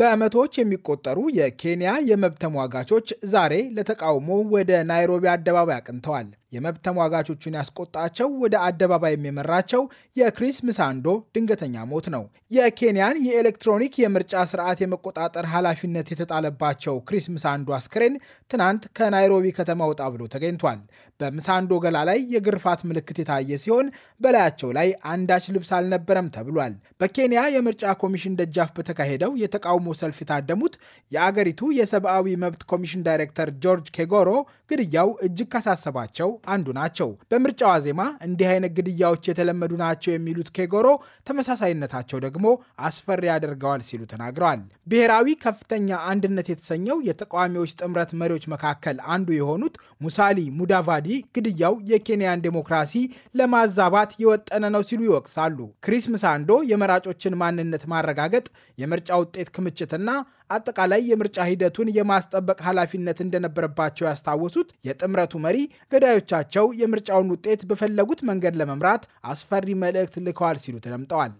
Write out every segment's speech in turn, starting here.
በመቶዎች የሚቆጠሩ የኬንያ የመብት ተሟጋቾች ዛሬ ለተቃውሞ ወደ ናይሮቢ አደባባይ አቅንተዋል። የመብት ተሟጋቾቹን ያስቆጣቸው ወደ አደባባይ የሚመራቸው የክሪስ ምሳንዶ ድንገተኛ ሞት ነው። የኬንያን የኤሌክትሮኒክ የምርጫ ስርዓት የመቆጣጠር ኃላፊነት የተጣለባቸው ክሪስ ምሳንዶ አስክሬን ትናንት ከናይሮቢ ከተማ ወጣ ብሎ ተገኝቷል። በምሳንዶ ገላ ላይ የግርፋት ምልክት የታየ ሲሆን በላያቸው ላይ አንዳች ልብስ አልነበረም ተብሏል። በኬንያ የምርጫ ኮሚሽን ደጃፍ በተካሄደው የተቃውሞ ሰልፍ የታደሙት የአገሪቱ የሰብአዊ መብት ኮሚሽን ዳይሬክተር ጆርጅ ኬጎሮ ግድያው እጅግ ካሳሰባቸው አንዱ ናቸው። በምርጫ ዋዜማ እንዲህ አይነት ግድያዎች የተለመዱ ናቸው የሚሉት ኬጎሮ ተመሳሳይነታቸው ደግሞ አስፈሪ ያደርገዋል ሲሉ ተናግረዋል። ብሔራዊ ከፍተኛ አንድነት የተሰኘው የተቃዋሚዎች ጥምረት መሪዎች መካከል አንዱ የሆኑት ሙሳሊ ሙዳቫዲ ግድያው የኬንያን ዴሞክራሲ ለማዛባት የወጠነ ነው ሲሉ ይወቅሳሉ። ክሪስ ምሳንዶ የመራጮችን ማንነት ማረጋገጥ፣ የምርጫ ውጤት ክምችትና አጠቃላይ የምርጫ ሂደቱን የማስጠበቅ ኃላፊነት እንደነበረባቸው ያስታወሱት የጥምረቱ መሪ ገዳዮቻቸው የምርጫውን ውጤት በፈለጉት መንገድ ለመምራት አስፈሪ መልእክት ልከዋል ሲሉ ተደምጠዋል።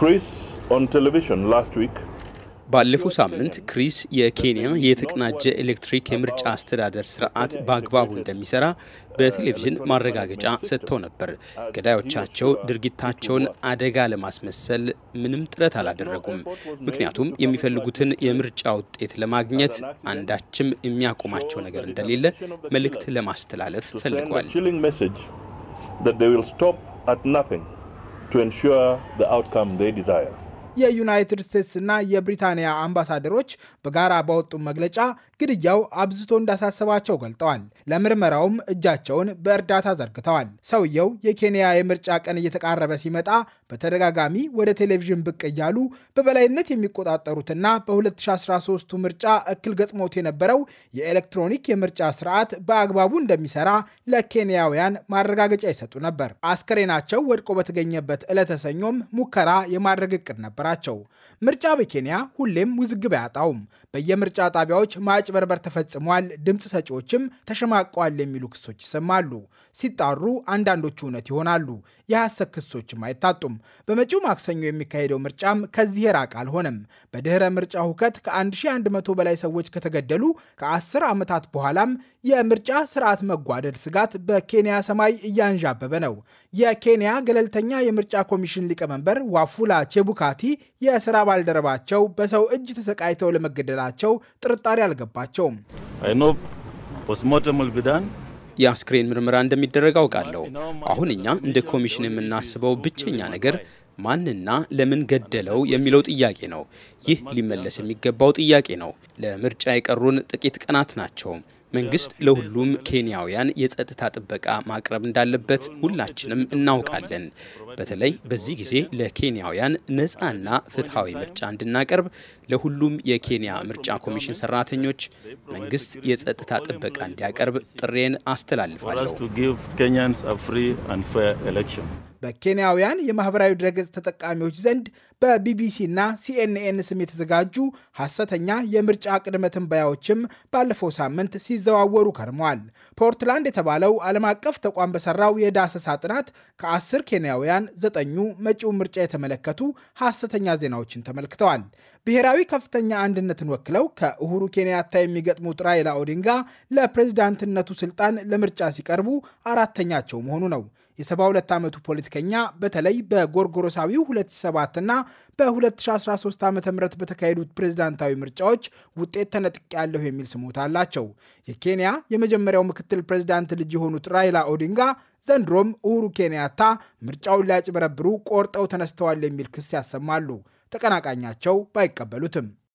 ክሪስ ኦን ቴሌቪዥን ላስት ዊክ ባለፈው ሳምንት ክሪስ የኬንያ የተቀናጀ ኤሌክትሪክ የምርጫ አስተዳደር ስርዓት በአግባቡ እንደሚሰራ በቴሌቪዥን ማረጋገጫ ሰጥተው ነበር። ገዳዮቻቸው ድርጊታቸውን አደጋ ለማስመሰል ምንም ጥረት አላደረጉም። ምክንያቱም የሚፈልጉትን የምርጫ ውጤት ለማግኘት አንዳችም የሚያቆማቸው ነገር እንደሌለ መልእክት ለማስተላለፍ ፈልገዋል። that they will stop at nothing to ensure the outcome they desire. የዩናይትድ ስቴትስና የብሪታንያ አምባሳደሮች በጋራ ባወጡ መግለጫ ግድያው አብዝቶ እንዳሳሰባቸው ገልጠዋል። ለምርመራውም እጃቸውን በእርዳታ ዘርግተዋል። ሰውየው የኬንያ የምርጫ ቀን እየተቃረበ ሲመጣ በተደጋጋሚ ወደ ቴሌቪዥን ብቅ እያሉ በበላይነት የሚቆጣጠሩትና በ2013ቱ ምርጫ እክል ገጥሞት የነበረው የኤሌክትሮኒክ የምርጫ ስርዓት በአግባቡ እንደሚሰራ ለኬንያውያን ማረጋገጫ ይሰጡ ነበር። አስከሬናቸው ወድቆ በተገኘበት ዕለተ ሰኞም ሙከራ የማድረግ እቅድ ነበራቸው። ምርጫ በኬንያ ሁሌም ውዝግብ አያጣውም። በየምርጫ ጣቢያዎች ማጭበርበር ተፈጽሟል፣ ድምፅ ሰጪዎችም ተሸማቀዋል የሚሉ ክሶች ይሰማሉ። ሲጣሩ አንዳንዶቹ እውነት ይሆናሉ፣ የሐሰት ክሶችም አይታጡም። በመጪው ማክሰኞ የሚካሄደው ምርጫም ከዚህ የራቀ አልሆነም። በድኅረ ምርጫ ሁከት ከ1100 በላይ ሰዎች ከተገደሉ ከ10 ዓመታት በኋላም የምርጫ ስርዓት መጓደል ስጋት በኬንያ ሰማይ እያንዣበበ ነው። የኬንያ ገለልተኛ የምርጫ ኮሚሽን ሊቀመንበር ዋፉላ ቼቡካቲ የስራ ባልደረባቸው በሰው እጅ ተሰቃይተው ለመገደላቸው ጥርጣሬ አልገባቸውም። የአስክሬን ምርመራ እንደሚደረግ አውቃለሁ። አሁን እኛ እንደ ኮሚሽን የምናስበው ብቸኛ ነገር ማንና ለምን ገደለው የሚለው ጥያቄ ነው። ይህ ሊመለስ የሚገባው ጥያቄ ነው። ለምርጫ የቀሩን ጥቂት ቀናት ናቸው። መንግስት ለሁሉም ኬንያውያን የጸጥታ ጥበቃ ማቅረብ እንዳለበት ሁላችንም እናውቃለን። በተለይ በዚህ ጊዜ ለኬንያውያን ነፃና ፍትሐዊ ምርጫ እንድናቀርብ ለሁሉም የኬንያ ምርጫ ኮሚሽን ሰራተኞች መንግስት የጸጥታ ጥበቃ እንዲያቀርብ ጥሬን አስተላልፋለሁ። በኬንያውያን የማህበራዊ ድረገጽ ተጠቃሚዎች ዘንድ በቢቢሲና ሲኤንኤን ስም የተዘጋጁ ሐሰተኛ የምርጫ ቅድመ ትንበያዎችም ባለፈው ሳምንት ሲዘዋወሩ ከርመዋል። ፖርትላንድ የተባለው ዓለም አቀፍ ተቋም በሰራው የዳሰሳ ጥናት ከአስር ኬንያውያን ዘጠኙ መጪውን ምርጫ የተመለከቱ ሐሰተኛ ዜናዎችን ተመልክተዋል። ብሔራዊ ከፍተኛ አንድነትን ወክለው ከእሁሩ ኬንያታ የሚገጥሙት ራይላ ኦዲንጋ ለፕሬዝዳንትነቱ ስልጣን ለምርጫ ሲቀርቡ አራተኛቸው መሆኑ ነው። የ72 ዓመቱ ፖለቲከኛ በተለይ በጎርጎሮሳዊው 2007 እና በ2013 ዓ ም በተካሄዱት ፕሬዝዳንታዊ ምርጫዎች ውጤት ተነጥቅ ያለሁ የሚል ስሞታ አላቸው። የኬንያ የመጀመሪያው ምክትል ፕሬዝዳንት ልጅ የሆኑት ራይላ ኦዲንጋ ዘንድሮም ኡሁሩ ኬንያታ ምርጫውን ሊያጭበረብሩ ቆርጠው ተነስተዋል የሚል ክስ ያሰማሉ። ተቀናቃኛቸው ባይቀበሉትም